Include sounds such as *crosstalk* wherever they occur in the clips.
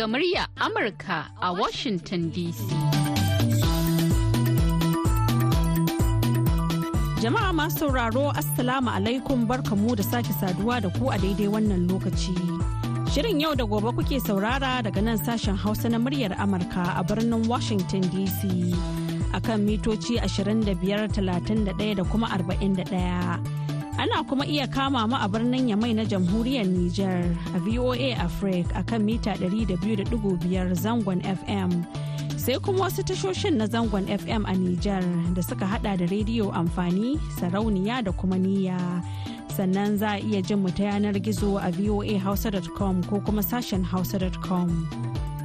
daga murya Amurka a Washington DC. Jama'a masu sauraro Assalamu alaikum barkamu da sake saduwa da ku a daidai wannan lokaci. Shirin yau da gobe kuke saurara daga nan sashen Hausa na muryar Amurka a birnin Washington DC. akan mitoci 25, 31 da kuma 41. Ana kuma iya kama mu a birnin Yamai na jamhuriyar Nijar a VOA Africa a kan mita 200.5 zangon FM. Sai kuma wasu tashoshin na zangon FM a Nijar da suka hada da rediyo amfani, sarauniya da kuma niyya. Sannan za a iya jin mu ta yanar gizo a voahausa.com ko kuma sashen hausa.com.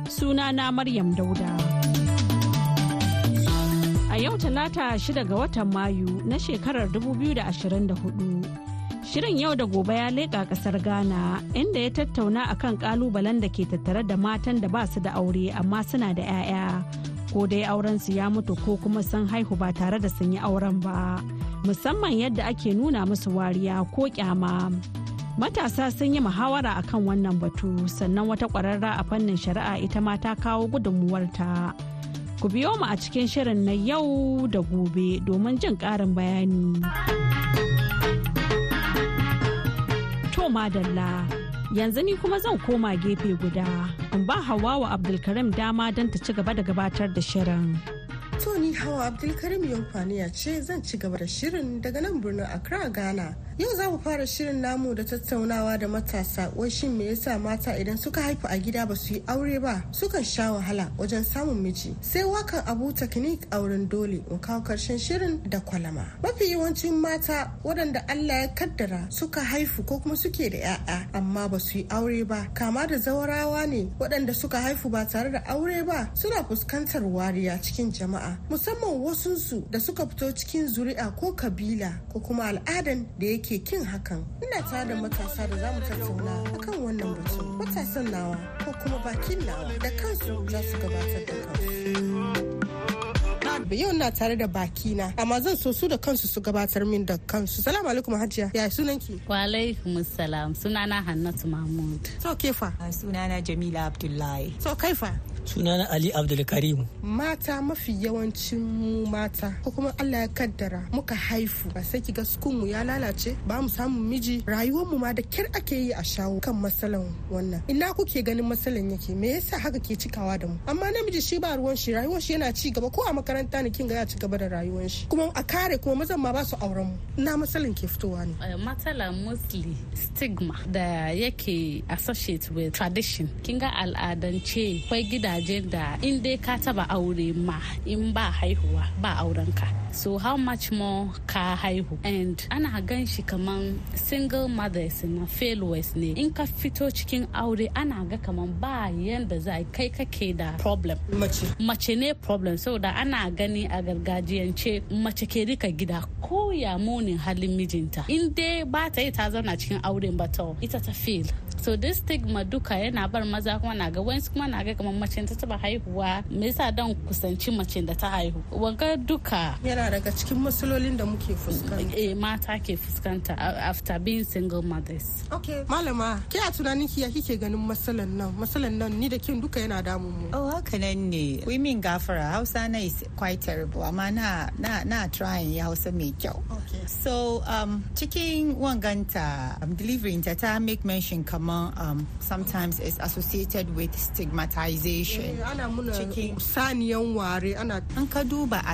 suna na Maryam Dauda. a yau talata shida ga watan mayu na shekarar 2024 shirin yau da gobe ya leƙa ƙasar ghana inda ya tattauna akan ƙalubalen da ke tattare da matan da ba su da aure amma suna da 'ya'ya ko dai aurensu ya mutu ko kuma sun haihu ba tare da sun yi auren ba musamman yadda ake nuna musu wariya ko kyama matasa sun yi muhawara akan wannan batu sannan wata ƙwararra a fannin shari'a ita ma ta kawo gudunmuwarta. Ku biyo mu a cikin shirin na yau da gobe domin jin ƙarin bayani. To madalla, yanzu ni kuma zan koma gefe guda. In ba wa Abdulkarim dama don ta ci gaba da gabatar da shirin. To ni Hawa Abdulkarim Yankwaniya ce zan ci gaba da shirin daga nan birnin Accra, Ghana. Yau za mu fara shirin namu da tattaunawa da matasa wai shin me yasa mata idan suka haifu a gida ba su yi aure ba sukan sha wahala wajen samun miji. Sai wakan Abu a auren dole in kawo karshen shirin da kwalama. Mafi yawancin mata waɗanda Allah ya kaddara suka haifu ko kuma suke da 'ya'ya amma ba su yi aure ba kama da zawarawa ne waɗanda suka haifu ba tare da aure ba suna fuskantar wariya cikin jama'a musamman wasunsu da suka fito cikin zuri'a ko kabila ko kuma al'adan da yake yake kin hakan ina tare da matasa da za mu tattauna akan wannan batu matasan nawa ko kuma bakin nawa da kansu za su gabatar da kansu yau na tare da baki na amma zan so su da kansu su gabatar min da kansu salamu alaikum hajiya ya sunan ki alaikum salam sunana hannatu mahmud so kefa sunana jamila abdullahi so kaifa sunana ali abdulkarim mata mafi yawancin mu mata ko kuma allah ya kaddara muka haifu ba sai kiga mu ya lalace ba mu samu miji rayuwar mu ma da kyar ake yi a shawo kan matsalan wannan ina kuke ganin matsalan yake me yasa haka ke cikawa da mu amma namiji shi ba ruwan shi rayuwar shi yana ci gaba ko a makaranta ne kin ga ya ci gaba da rayuwar shi kuma a kare kuma mazan ma ba su auren mu ina matsalan ke fitowa ne eh, matsala mostly stigma da yake associate with tradition kin ga al'adance akwai gida mazaje da in dai ka taba aure ma in ba haihuwa ba aurenka so how much more ka haihu and ana gan shi kaman single mothers na failures ne in ka fito cikin aure ana ga kaman ba yanda za kai kake da problem mace ne problem da ana gani a gargajiyance mace ke rika gida ko ya munin halin mijinta in dai ba ta yi ta zauna cikin aure ba ita ta fail so this stigma duka yana bar maza kuma na ga wani kuma na ga kamar mace macen ta taba haihuwa me yasa dan kusanci mace da ta haihu wanga duka yana daga cikin matsalolin da muke fuskanta eh mata ke fuskanta after being single mothers okay malama ke a tunanin ki kike ganin matsalan nan matsalan nan ni da kin duka yana damu. mu oh haka nan ne women gafara hausa na is quite terrible amma na na na trying ya hausa mai kyau okay so um cikin wanganta um, delivering ta ta make mention kaman um, sometimes it's associated with stigmatization contribution eh, cikin saniyan ware ana an ka duba a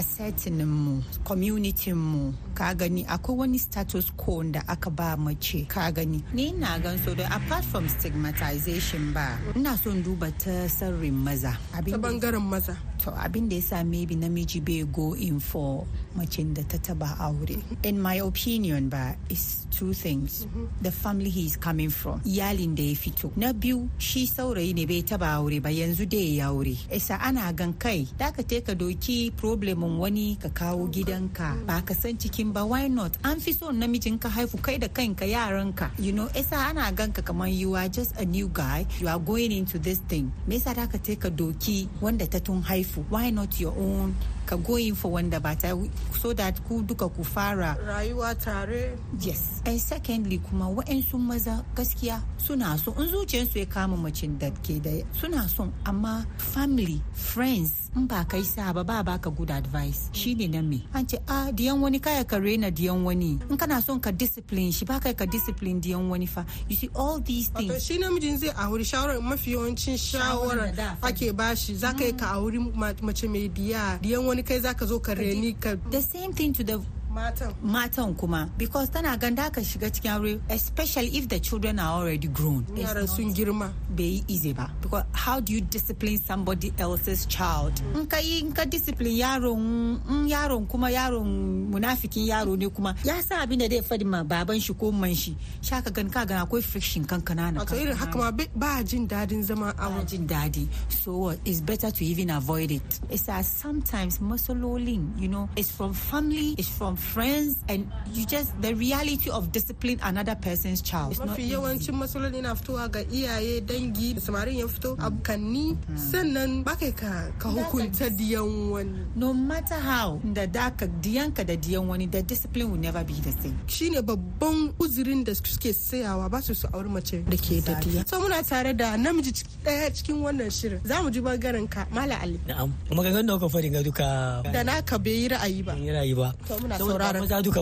mu community mu ka gani akwai wani status quo da aka ba mace ka gani ni na gan so da apart from stigmatization ba ina son duba ta sarrin maza ta bangaren maza to abin da yasa maybe namiji bai go in for macin da ta taba aure mhm. in my opinion ba is two things mhm. the family he is coming from iyalin da ya fito na biyu shi saurayi ne bai taba aure ba yanzu dai ya aure isa ana gan kai da ka ka doki problemin wani ka kawo gidanka ba ka san cikin ba why not an fi son namijin ka haifu kai da kanka yaranka you know isa ana ganka kamar you are just a new guy you are going into this thing me yasa da ka ka doki wanda ta tun haifu why not your own haka going for wanda ba ta so that ku duka ku fara rayuwa tare yes and secondly kuma wa'ansu maza gaskiya suna so in zuciyarsu ya kama macin da ke da suna so amma family friends in ba kai sa ba ba baka good advice shine na me an ce ah diyan wani kaya ka rena diyan wani in kana son ka discipline shi ba kai ka discipline diyan wani fa you see all these things wato shi namijin zai auri shawarar mafi yawancin shawarar ake bashi zaka yi ka auri mace mai diya diyan wani kai zaka zo ka reni ka the same thing to the matan kuma because tana ganda ka shiga cikin aure especially if the children are already grown yaran sun girma bai easy ba because how do you discipline somebody else's child in ka yi ka discipline yaron yaron kuma yaron munafikin yaro ne kuma ya sa abin da zai fadi ma baban shi ko man shi sha ka gan ka gan akwai friction kan kanana wato irin haka ma ba jin dadin zama aure jin dadi so it's better to even avoid it it's as sometimes masololin you know it's from family it's from friends and you just the reality of discipline another person's child. Mafi yawancin matsaloli na fitowa ga iyaye dangi da samarin ya fito abokanni sannan ba kai ka hukunta diyan wani. No matter how da daka diyanka da diyan wani the discipline will never be the same. Shine babban uzurin da suke sayawa ba su su auri mace da ke da diya. So muna tare da namiji daya cikin wannan shirin za mu ji bangaren ka Mala Ali. Na'am. Maganganun da kuka faɗi ga duka. Da naka bai yi ra'ayi ba. Bai yi ra'ayi ba. ba maza duka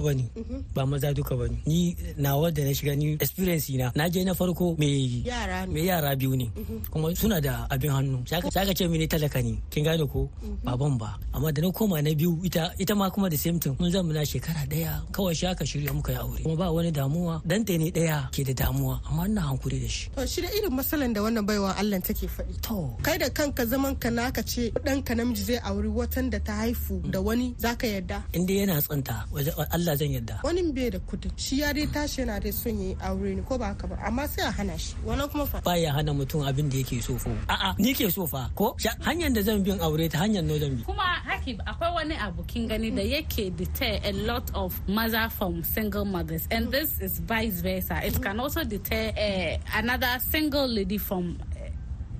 ba maza duka bane ni nawa da na shiga ni experience na na je na farko mai yara biyu ne kuma suna da abin hannu saka ce mini talaka ne kin gane ko baban ba amma da na koma na biyu ita ita ma kuma da same thing mun zama na shekara daya kawai shi aka shirya muka yi aure kuma ba wani damuwa dan ta ne daya ke da damuwa amma ina hankuri da shi to shi da irin matsalan da wannan baiwa Allah take faɗi to kai da kanka zaman ka na ka ce dan ka namiji zai auri watan da ta haifu da wani zaka yarda inda yana tsanta Allah Allah zan yadda wani bai da kudin shi ya dai tashi yana dai son yi aure ne ko ba haka ba amma sai a hana shi wani kuma fa baya hana mutum abin da yake so fa a'a ni ke so fa ko hanyar da zan bin aure ta hanyar no zan bi kuma haki akwai wani abu kin gani da yake deter a lot of mother from single mothers and this is vice versa it can also deter eh, another single lady from eh,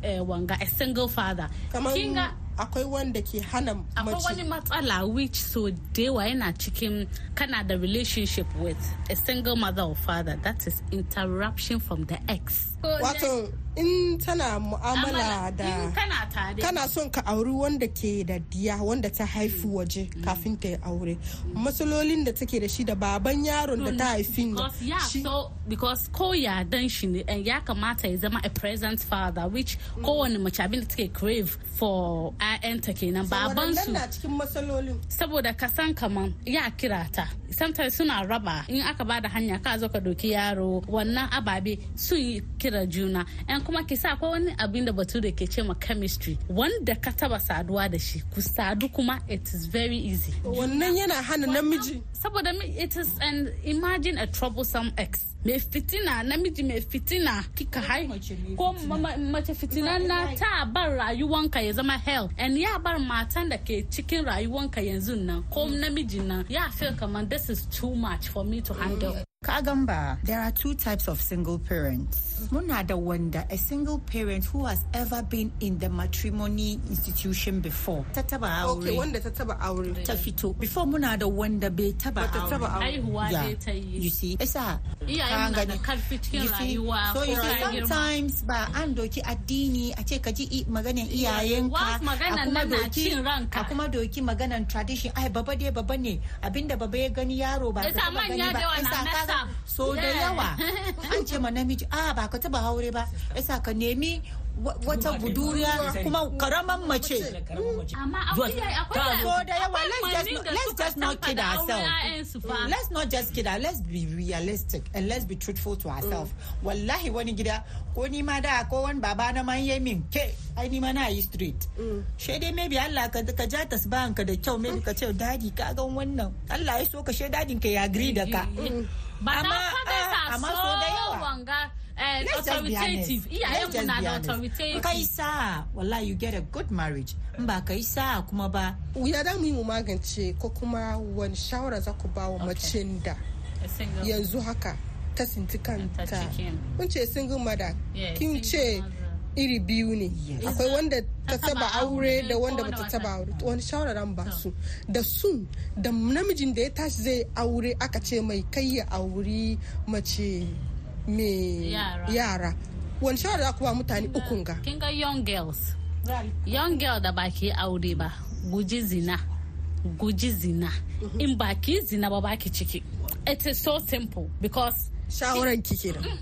eh, wanga a single father kinga akwai wanda ke hana mace akwai wani matsala which so dewa yana cikin kana da relationship with a single mother or father that is interruption from the ex wato in tana mu'amala da kana son ka auri wanda ke da diya wanda ta haifi mm. waje mm. kafin ta yi aure mm. matsalolin da take da shi da baban yaron da ta haifi shi because ko ya dan shi ne ya kamata ya zama a present father which kowane mace abin da take crave for ta kenan baban su cikin matsalolin saboda ka san kaman ya kira ta sometimes suna raba in aka da hanya ka zo ka doki yaro wannan ababe sun kira juna yan kuma ki sa akwai wani abin da da ke ce ma chemistry wanda ka taba saduwa da shi ku sadu kuma it is very easy wannan yana hana namiji saboda it is an imagine a troublesome ex me fitina namiji me fitina kika hai ko mace fitina na ta bar rayuwanka ya zama hell and ya bar matan da ke cikin rayuwanka yanzu nan ko namiji nan ya feel kamar this is too much for me to handle Kagamba, there are two types of single parents. Muna da wanda a single parent who has ever been in the matrimony institution before. Ta taba aure. Okay, wanda ta taba aure. Ta fito. Before muna da wanda bai taba aure. taba aure. Aihuwa dai ta yi. You see, isa. Iyayen na da karfi cikin rayuwa. So you see, sometimes ba an doki addini a ce ka ji maganan iyayenka. Maganan nan na cin ranka. A kuma doki maganan tradition. Ai, baba de baba ne. Abinda baba ye gani yaro ba. Isa manya da wannan so da yawa *laughs* an ce ma namiji a ah, ba ka taba haure ba yasa ka nemi wata buduriya kuma karaman mace so da yawa let's just not kid ourselves mm, let's not just kid ourselves let's be realistic and let's be truthful to ourselves mm. wallahi wani gida ko ni ma da ko wani baba na man yi min ke ai ni ma na yi street mm. she dai maybe Allah ka ja tasbahan ka da kyau maybe ka ce dadi ka ga wannan Allah ya so ka shai dadin ka ya agree da ka ah, amma so da yawa Eh, authoritative iyayenmu na da authoritative kai sa wallahi you get a good marriage in ka yi sa kuma ba ya da mu yi mu magance ko kuma wani shawara za ku ba wa macen da yanzu haka ta sinti kanta kun ce single mother kin ce iri biyu ne akwai wanda ta taba aure da wanda bata taba aure wani shawara shawararan ba su da sun da namijin da ya tashi zai aure aka ce mai kai ya auri mace me yara wani shawara za ku ba mutane ukun ga kinga young girls young girl da baki aure ba guji zina guji zina mhm. in baki zina ba baki ciki it is so simple because shawaran kike da mm.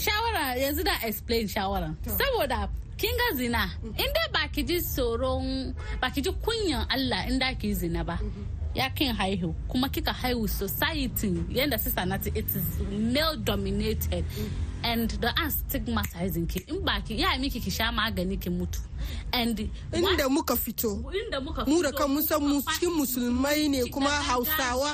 shawara yanzu da explain shawaran saboda kinga zina mm. inda baki ji tsoron baki ji kunyan Allah inda ki zina ba mhm. ya kin haihu kuma kika haihu society yadda sista na it is male dominated and the an stigmatizing ki in baki ya miki ki sha magani ki mutu and inda muka fito mu da kan san mu cikin musulmai ne kuma hausawa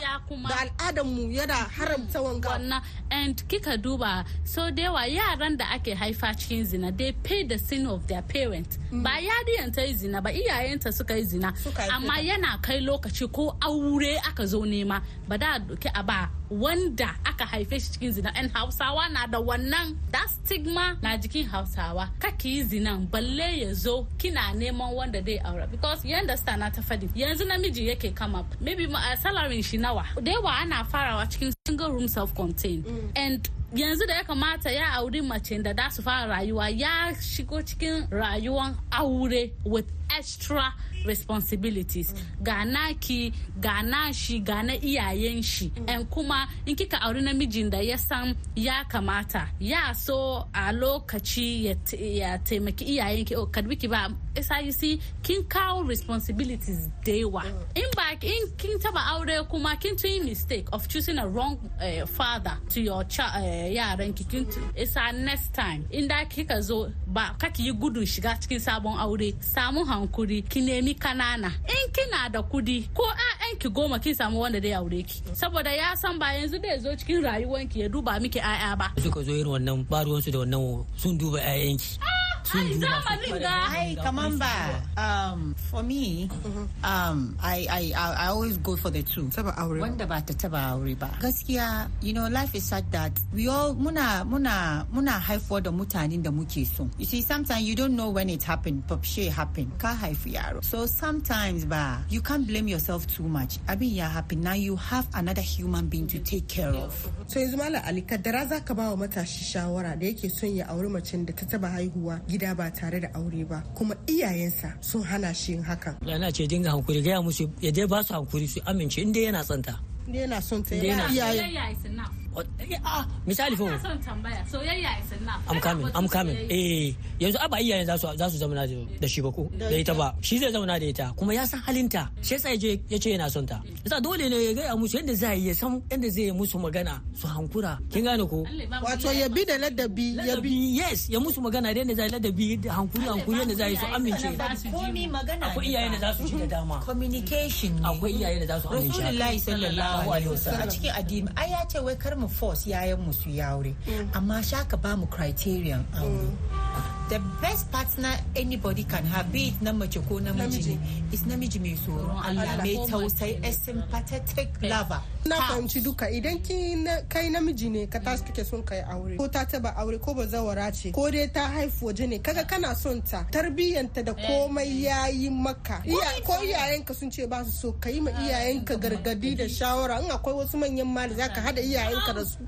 da al'adar mu yana haramta wanga and kika duba so dewa yaran da ake haifa cikin zina they pay the sin of their parents mm. ba yariyan ta yi zina ba iyayenta suka yi zina amma yana kai lokaci ko aure aka zo nema ba da doki a ba wanda aka haife shi cikin zina and hausawa na da wannan that stigma na jikin hausawa kaki yi zinan balle ya zo kina neman wanda dai aura because you understand na ta fadi yanzu namiji yake come up. maybe salary shi nawa da yawa ana farawa cikin single room self contained mm. and yanzu da ya kamata ya auri mace da da su fara rayuwa ya shigo cikin rayuwan aure with extra responsibilities mm. ga naki ga nashi ga na iyayen shi mm. and kuma in kika auri namijin da ya san ya kamata ya so a lokaci ya taimaki iyayen ki oh, karbi ki ba isa you see kin kawo responsibilities da yawa mm. in ba in kin taba aure kuma kin tun mistake of choosing a wrong uh, father to your uh, yaran ki it's our next time in da kika zo ba kaki yi gudun shiga cikin sabon aure samu hankuri ki nemi kanana in kina da kudi ko ƴaƴan ki goma kin samu wanda dai aure ki saboda ya san ba yanzu da zo cikin rayuwanki ya duba miki ƴaƴa ba suka zo irin wannan baruwansu da wannan sun duba ƴaƴanki ki ah, I kaman ba. Um, for me, mm-hmm. um, I, I, I always go for the two. Taba aure. Wanda ba ta taba aure ba. Gaskiya, you know, life is such that we all muna muna muna haifuwa da mutanen da muke so. You see, sometimes you don't know when it happened, but she happened. Ka haifu yaro. So sometimes ba, you can't blame yourself too much. Abin ya happen. Now you have another human being to take care of. So yanzu Malam Ali, kaddara za ka ba wa matashi shawara da yake son ya auri macen da ta taba haihuwa gida ba tare da aure ba kuma iyayensa sun hana shi yin hakan. Lana ce dinga hankuri gaya musu ya dai ba su hankuri su amince inda yana tsanta. Inda yana son ta yana iyayen. Eh, ah, misali fa son tambaya soyayya is enough I'm coming I'm coming eh yanzu aba ah, iyayen za su za su zauna da shi ba ko da ita ba shi zai zauna da ita kuma ya san halinta shi yasa yaje yace yana son ta yasa dole ne ya gaya musu yanda zai ya san yanda zai yi musu magana su hankura kin gane ko wato ya bi da ladabi ya bi yes ya musu magana da yanda zai ladabi da hankuri hankuri yanda zai su amince komi magana akwai iyayen da za su ci da dama communication akwai iyayen da za su amince Rasulullahi sallallahu alaihi wasallam a cikin addini ai ya ce wai kar mu force yayan mu su yi aure mm. amma shaka ba mu criterion aure um, mm. the best partner anybody can have be it na ko namiji ne is namiji mai tsoro Allah mai tausayi a sympathetic lover na fahimci duka idan ki kai namiji ne ka tashi kake son kai aure ko ta taba aure ko ba zawara ce ko dai ta haifu waje ne kaga kana son ta tarbiyyanta da komai yayi maka ko iyayenka sun ce ba su so kai ma ah, iyayenka gargadi da shawara in akwai wasu manyan ma da zaka haɗa iyayenka da su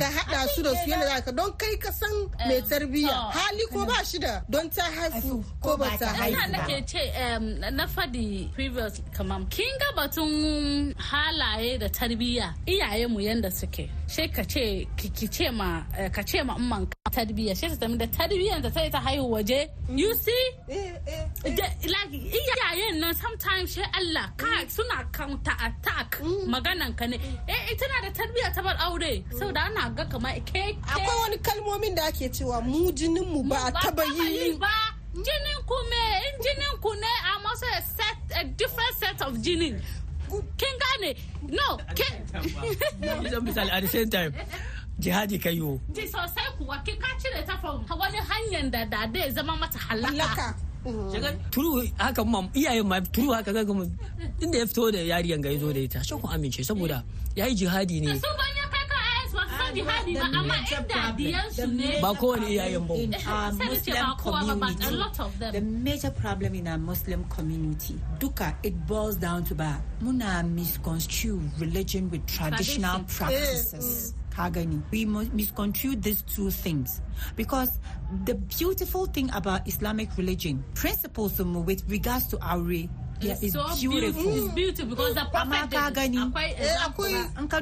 ka haɗa su da su yana zaka don kai ka san mai tarbiyya ah, hali ko ba shi da don ta haifu ko ba ta haifu ba. nake ce na fadi previous kamar kin ga batun halaye da tarbiyya iyaye mu yanda suke. She ka ce ki ce ma eh, ka ce ma umman tarbiyya she ta da tarbiyyar ta sai ta haihu waje. Mm. You see? Eh, eh, like iyayen nan sometimes she Allah ka mm. suna counter attack mm. maganan ka ne. Eh ita na da tarbiyya ta bar aure. Saboda ana ga kamar ke. Akwai wani kalmomin da ake cewa mu jinin mu ba a ba yi jinin ku me jinin ku ne a a set a different set of jinin kin gane no kin *laughs* misali at the same time jihadi kai yo ji sosai kuwa kin ka cire ta from wani hanyar da da dai zama mata halaka mm. turu haka ma iyayen ma turu haka ga inda ya fito da yariyan ga ya zo da ita shi ku amince saboda yayi jihadi ne the major problem in our muslim community duka it boils down to ba muna misconstrue religion with traditional practices mm. We misconstrue these two things because the beautiful thing about Islamic religion, principles with regards to our Yeah, it's, so beautiful. It's beautiful because the Amma ka gani, in ka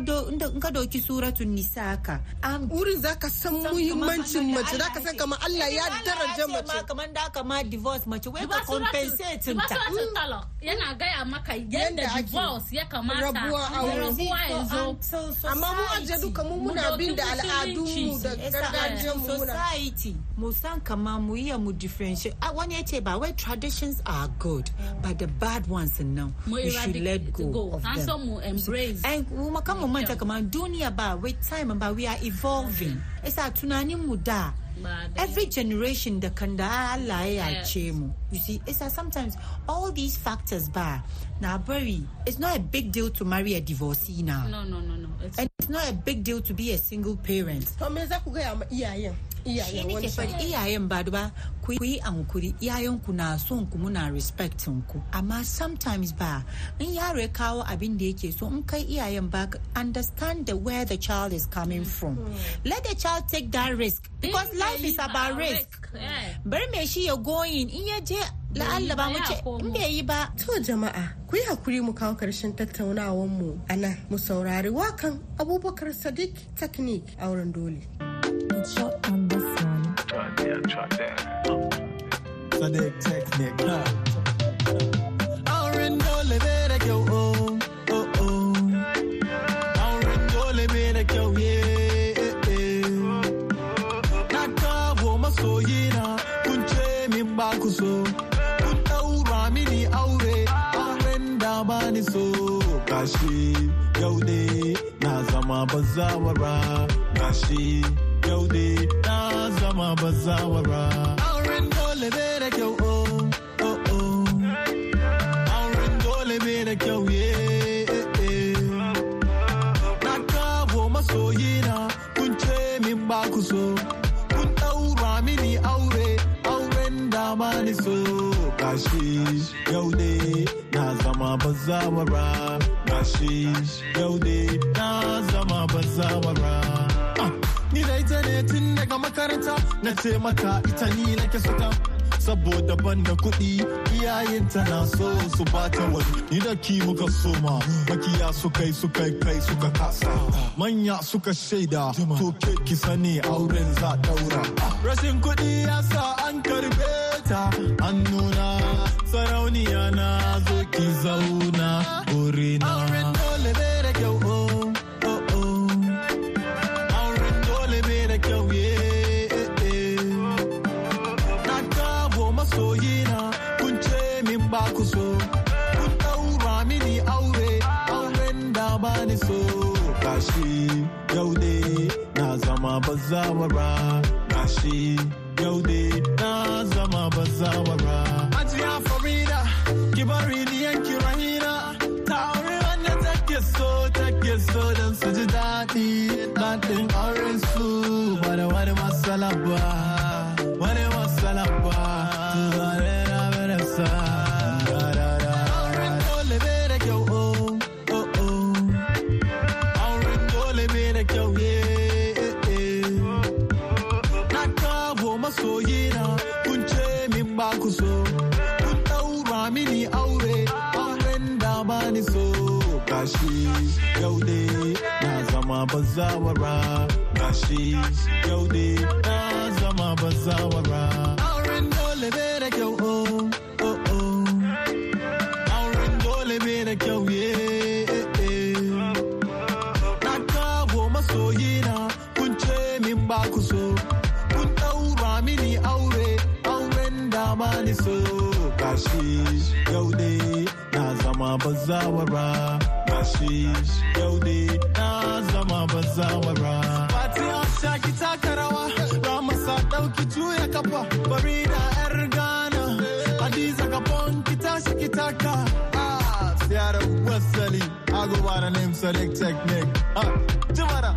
doki suratun nisa ka. Wurin za ka san muhimmancin mace, za ka san kamar Allah ya daraja mace. Kamar da aka ma divorce mace, wai ka compensate ta. Mm. yana gaya maka yadda divorce ya kamata. Rabuwa a yanzu. Amma mu ajiye duka mu muna bin da al'adunmu da gargajiyanmu. Society, mu san kama mu yi mu differentiate. Ah, wani ya ce ba wai traditions are good, but the bad ones now you should let go, go. of and them. some will embrace. And come on. Don't kamar duniya ba Wait time ba we are evolving. It's tunanin tunani muda. every generation the kanda da achemu. You see, that sometimes all these factors ba Now bari it's not a big deal to marry a divorcee now. No, no, no, no. It's and it's not a big deal to be a single parent. wani iyayen ba ba ku yi ankuri iyayen ku na son ku muna respectin ku amma sometimes ba in yaro ya kawo abin da yake so in kai iyayen ba understand the where the child is coming from mm-hmm. let the child take that risk because life is about risk eh. bari mai shi ya going in ya je la'alla ba muke in bai yi ba to jama'a ku yi hakuri mu kawo karshen tattaunawar mu a nan mu saurari wakan abubakar sadiq technique auren dole Sadiq technique, bazawara gashi yau ne na zama bazawara auren dole ne da kyau oh oh oh auren dole ne da kyau ye na kawo masoyina kun ce min ba ku so kun daura mini aure auren da ma ni so gashi yau ne na zama bazawara gashi na taimaka ita ni nake suka saboda ban da kuɗi iyayenta na so su bata wani ni da ki muka soma makiya su kai su kai kai suka kasa manya suka shaida to ke ki sani auren za daura rashin kuɗi ya sa an karbe ta an nuna sarauniya na zo ki zauna burina bazawara gashi yau dai na zama bazawara ajiya farida ki bari ni yanki rahina ta aure wanda take so take so don su ji daɗi daɗin aure su ba da wani masala ba bara name select technique. Ah, Jimara,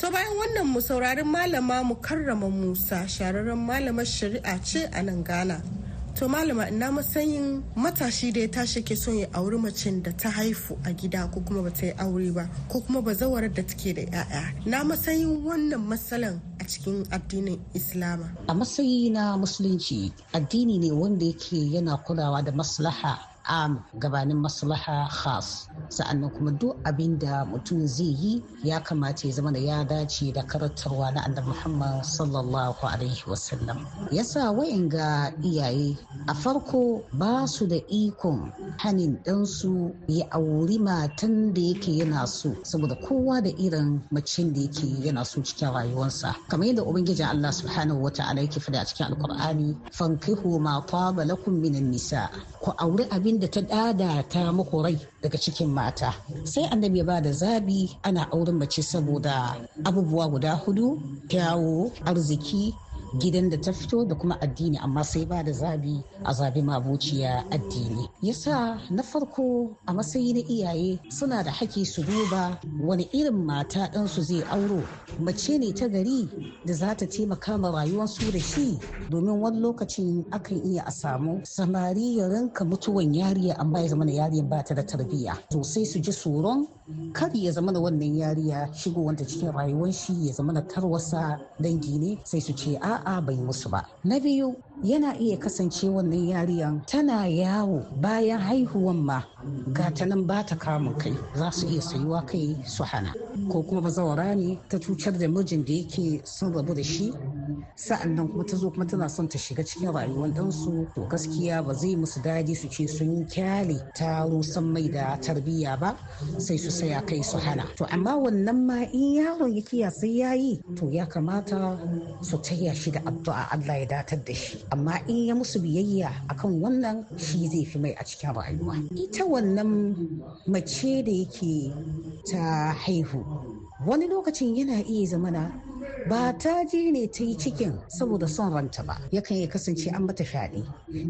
To bayan wannan mu saurarin malama mu karrama Musa shararren malamar shari'a ce a nan Ghana. To malama ina matsayin matashi da ya tashi ke son ya auri macen da ta haifu a gida ko kuma ba ta yi aure ba ko kuma bazawarar da take da 'ya'ya. Na matsayin wannan matsalan cikin addinin islama a matsayi na musulunci addini ne wanda yake yana kulawa da maslaha am gabanin maslaha khas sa'annan kuma duk abin da mutum zai yi ya kamata ya zama da ya dace da karantarwa na annabi muhammad sallallahu alaihi wasallam yasa ga iyaye a farko ba su da ikon hanin ɗansu ya auri matan da yake yana so saboda kowa da irin macen da yake yana so cikin rayuwarsa kamar yadda ubangijin allah subhanahu wa ta'ala yake fada a cikin alkur'ani fankihu ma taba lakum minan nisa ku auri abin da ta ta muku rai daga cikin mata sai annabi ya ba da zabi ana auren mace saboda abubuwa guda hudu kyawo arziki gidan da ta fito da kuma addini amma sai ba da zabi a zabi mabuciya addini yasa na farko a matsayi na iyaye suna da haƙƙi su duba wani irin mata ɗansu zai auro mace ne ta gari da za ta taimaka ma rayuwarsu da shi domin wani lokacin akan iya a samu samari ya rinka mutuwan yariya amma ya zama na yariyar ba ta da tarbiyya sai su ji tsoron kar ya zama wannan yariya Shigo wanda cikin rayuwar shi ya zama na tarwasa dangi ne sai su ce a a'a bai musu ba na biyu yana iya kasance wannan yariyan tana yawo bayan haihuwan ma ga ta nan ba ta kamun kai za su iya sayuwa kai su hana ko kuma ba zaura ne ta cutar da mijin da yake sun rabu da shi sa'annan kuma ta zo kuma tana son ta shiga cikin rayuwar ɗansu to gaskiya ba zai musu daɗi su ce sun kyale ta rusan mai da tarbiyya ba sai su saya kai su hana to amma wannan ma in yaron ya kiya sai ya yi to ya kamata su taya shi da addu'a Allah ya datar da shi amma in ya musu biyayya akan wannan shi zai fi mai a cikin rayuwa ita wannan mace da yake ta haihu wani lokacin yana iya zamana ba ta je ne ta yi cikin saboda son ranta ba yakan ya kasance an mata fyaɗe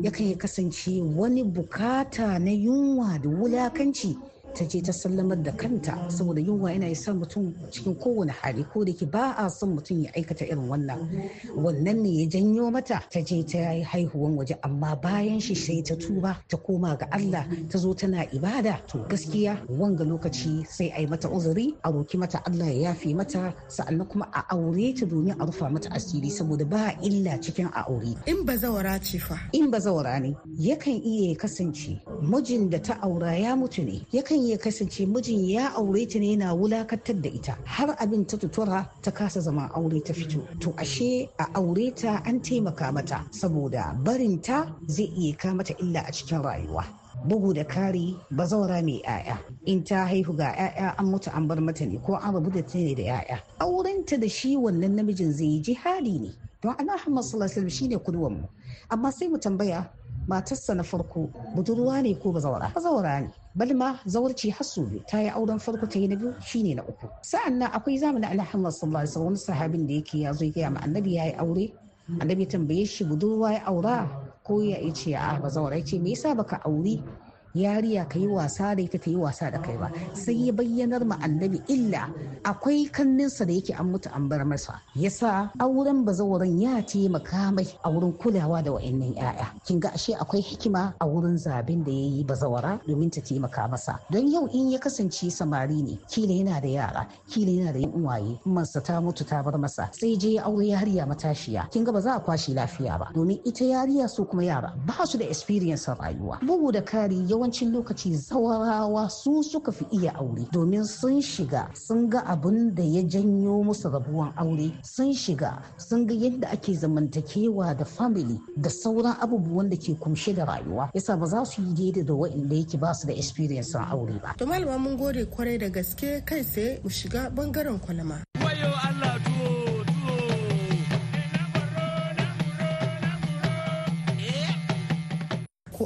yakan ya kasance wani bukata na yunwa da wulakanci ta je ta sallamar da kanta saboda yunwa yana sa mutum cikin kowane hali ko da ke ba a son mutum ya aikata irin wannan wannan ne ya janyo mata ta je ta yi haihuwan waje amma bayan shi sai ta tuba ta koma ga Allah ta zo tana ibada to gaskiya wanga lokaci sai a yi mata uzuri a roki mata Allah ya yafe mata sa'annan kuma a aure ta domin a rufa mata asiri saboda ba illa cikin a aure in bazawara ce fa in bazawara ne yakan iya kasance mijin da ta aura ya mutu ne yakan iya kasance mijin ya aure ta ne na wulakantar da ita har abin ta tutura ta kasa zama aure ta fito to ashe a aure ta an taimaka mata saboda barinta zai iya kamata illa a cikin rayuwa bugu da kari bazaura mai 'ya'ya in ta haihu ga 'ya'ya an mutu an bar mata ne ko an rabu da ta ne da 'ya'ya aurenta da shi wannan namijin zai yi jihadi ne don ana muhammad sallallahu alaihi shine kudwan mu amma sai mu tambaya matarsa na farko budurwa ne ko bazawara bazawara ne balma zawarci hasu biyu ta yi auren farko ta yi na biyu shine na uku sa'an nan akwai zamanin alhamdulillah sallallahu alaihi wasallam sahabin da yake ya zo ya gaya ma annabi ya yi aure annabi tambaye shi budurwa ya aura ko ya ce a bazawara ya ce me yasa baka aure yariya ka yi wasa da ita ta yi wasa da kai ba sai ya bayyanar ma annabi illa akwai kanninsa da yake an mutu an bar masa ya sa auren bazawaran ya taimaka mai a wurin kulawa da wa'annan yaya kin ga ashe akwai hikima a wurin zaben da ya yi bazawara domin ta taimaka masa don yau in ya kasance samari ne kila yana da yara kila yana da yan uwaye mansa ta mutu ta bar masa sai je ya aure yariya matashiya kin ga ba za a kwashi lafiya ba domin ita yariya su kuma yara ba su da experience rayuwa bugu da kari yawan yawancin lokaci zawarawa su suka fi iya aure domin sun shiga sun ga abin da ya janyo musu rabuwan aure sun shiga sun ga yadda ake zamantakewa da family da sauran abubuwan da ke kumshe da rayuwa yasa ba za su yi daidai da waɗanda yake ba su da experience aure ba. To malama mun gode kwarai da gaske kai sai mu shiga bangaren kwalama.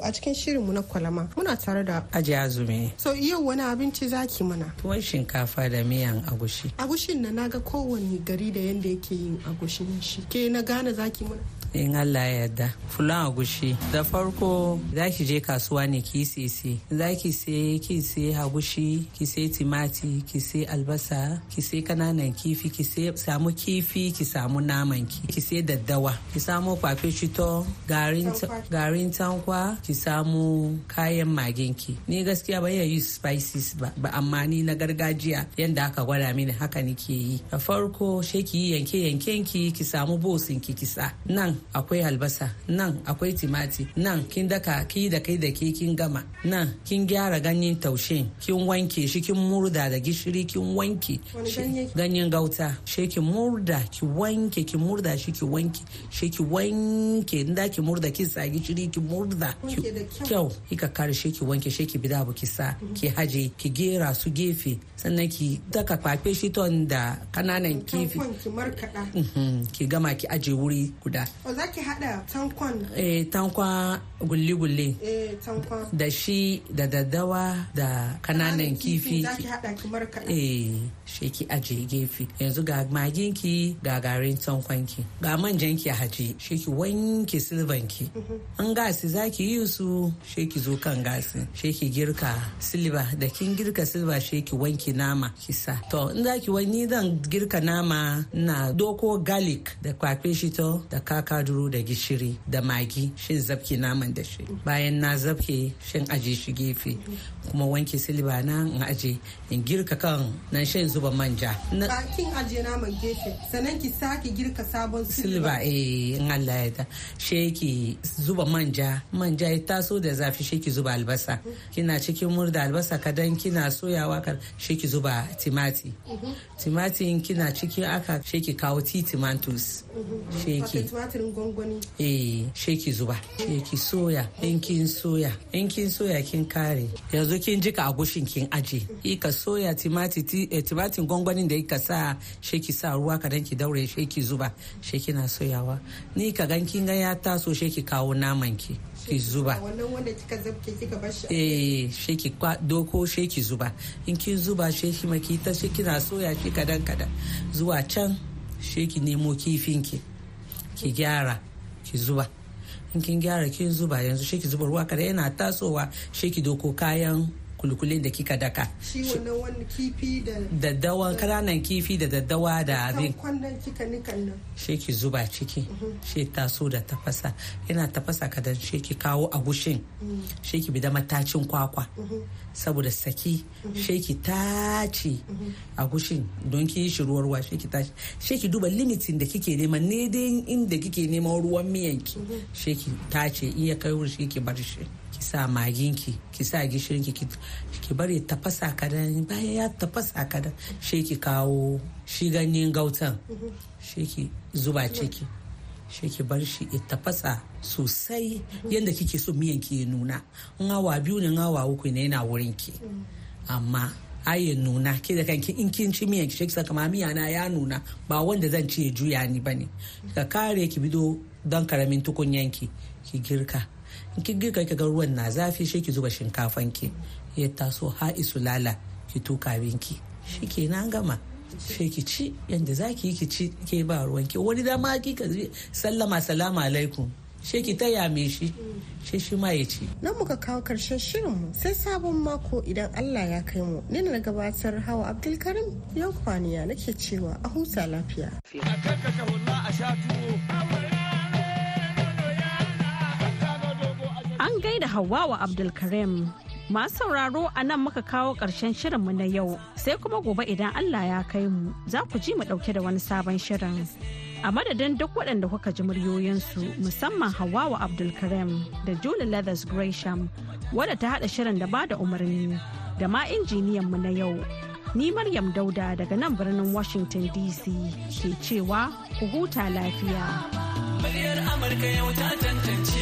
a cikin shirinmu na kwalama muna tare da aji azumi so yau wani abinci zaki mana tuwon shinkafa da miyan agushi agushin na naga kowanne gari da yanda yake yin agushin shi ke na gane zaki mana in Allah ya yarda fulan agushi da farko za ki je kasuwa ne ki sai za ki sai ki sai agushi ki sai timati ki sai albasa ki sai kananan kifi ki sai samu kifi ki samu naman ki ki sai daddawa ki samu kwafe shito garin tankwa ki samu kayan magin ki ni gaskiya ban yi spices ba amma ni na gargajiya yanda aka gwada mini haka nike yi da farko she ki yanke yanken ki ki samu bosin ki kisa nan akwai albasa nan akwai timati nan kin daka ki da kai da ke kin gama nan kin gyara ganyen taushe kin wanke shi kin murda da gishiri kin wanke ganyen gauta she ki murda ki wanke ki murda shi ki wanke she ki wanke in da ki murda ki sa gishiri ki murda kyau ka kare she ki wanke she ki bi da ki sa mhm. ki haje ki gera su gefe sannan ki daka kwafe shi ton da kananan kifi mhm. ki gama ki aje wuri guda ba za ki hada Tankon eh tankwa gulli gulli eh tankwa da shi da daddawa da kananan kifi za ki hada mara kaɗan eh shi ki aje gefe yanzu ga ki ga garin ki ga manjan ki haje shi ki wanke ki an mhm. gasi za ki yi su shi ki zo kan gasi shi ki girka silva da kin girka silva shi ki wanke nama ki sa to in za ki wani zan girka nama na doko garlic da shi shito da kaka maduro da gishiri da magi shin zabke naman da shi bayan na zabke shin aje shi gefe kuma wanke silba na in aje in girka kan nan shin zuba manja kin aje naman gefe sannan ki sake girka sabon silba eh in Allah ya ta sheki zuba manja manja ya taso da zafi sheki zuba albasa kina cikin murda albasa kadan kina soyawa kar sheki zuba timati mhm. timati kina cikin aka sheki kawo timantus mhm. sheki gwangwani eh sheki zuba sheki soya in kin soya in kin soya kin kare yanzu kin jika agushin kin aje ika soya timatin gwangwani da ka sa sheki sa ruwa kadan ki daure sheki zuba sheki na soyawa ni ka gan kin ga ya taso sheki kawo naman ki ki zuba wannan wanda kika zabke kika bashi eh sheki kwa doko sheki zuba in kin zuba sheki makita sheki na soya shi kadan kadan zuwa can sheki nemo kifin ki ki gyara ki zuba in kin gyara ki zuba yanzu shi ki zuba ruwa kada yana tasowa shi ki doko kayan kulikulin da kika daka shi wannan wani kifi da daddawa kananan kifi da daddawa da abin kwannan kika nikan nan shi ki zuba ciki mhm. shi taso da tafasa yana tafasa kadan shi ki kawo agushin mhm. shi ki bi da matacin kwakwa mhm. saboda saki shi ki tace agushin don ki yi shi ruwa ruwa shi ki tace shi ki duba limitin da kike nema ne dai inda kike neman ruwan miyanki shi ki tace iya kai wurin shi ki bar shi sa maginki ki sa gishirinki ki bari tafasa kadan bayan ya tafasa kadan shi ki kawo shi ganyen gautan shi ki zuba ciki shi ki bar shi ya tafasa sosai yadda kike so miyan ki ya nuna in awa biyu ne awa uku ne yana wurin ki amma ai nuna ke da kanki in kin ci miyan ki shi saka ma miya na ya nuna ba wanda zan ci ya juya ni bane ka kare ki bido dan karamin tukunyanki ki girka kin girka ki ga ruwan na zafi shi ki zuba shinkafan ki ya taso ha lala ki tuka binki shi ke na gama shi ki ci yadda za ki yi ki ci ke ba ruwan ki wani dama ki ka sallama salamu alaikum shi ki ta me shi shi shi ma ya ci. Nan muka kawo karshen shirin mu sai sabon mako idan Allah ya kai mu ni na gabatar hawa Abdulkarim yau kwaniya nake cewa a huta lafiya. A kanka ka a sha tuwo. An gaida wa Abdulkarim. Masu sauraro a nan muka kawo ƙarshen shirinmu na yau sai kuma gobe idan Allah ya kai mu za ku ji mu ɗauke da wani sabon shirin. A madadin duk waɗanda kuka ji muryoyinsu musamman wa Abdulkarim da Julie Leathers Gresham wadda ta haɗa shirin da bada umarni da ma injiniyanmu na yau. Ni Maryam Dauda daga nan birnin Washington DC ke cewa ku huta lafiya. Amurka yau ta tantance.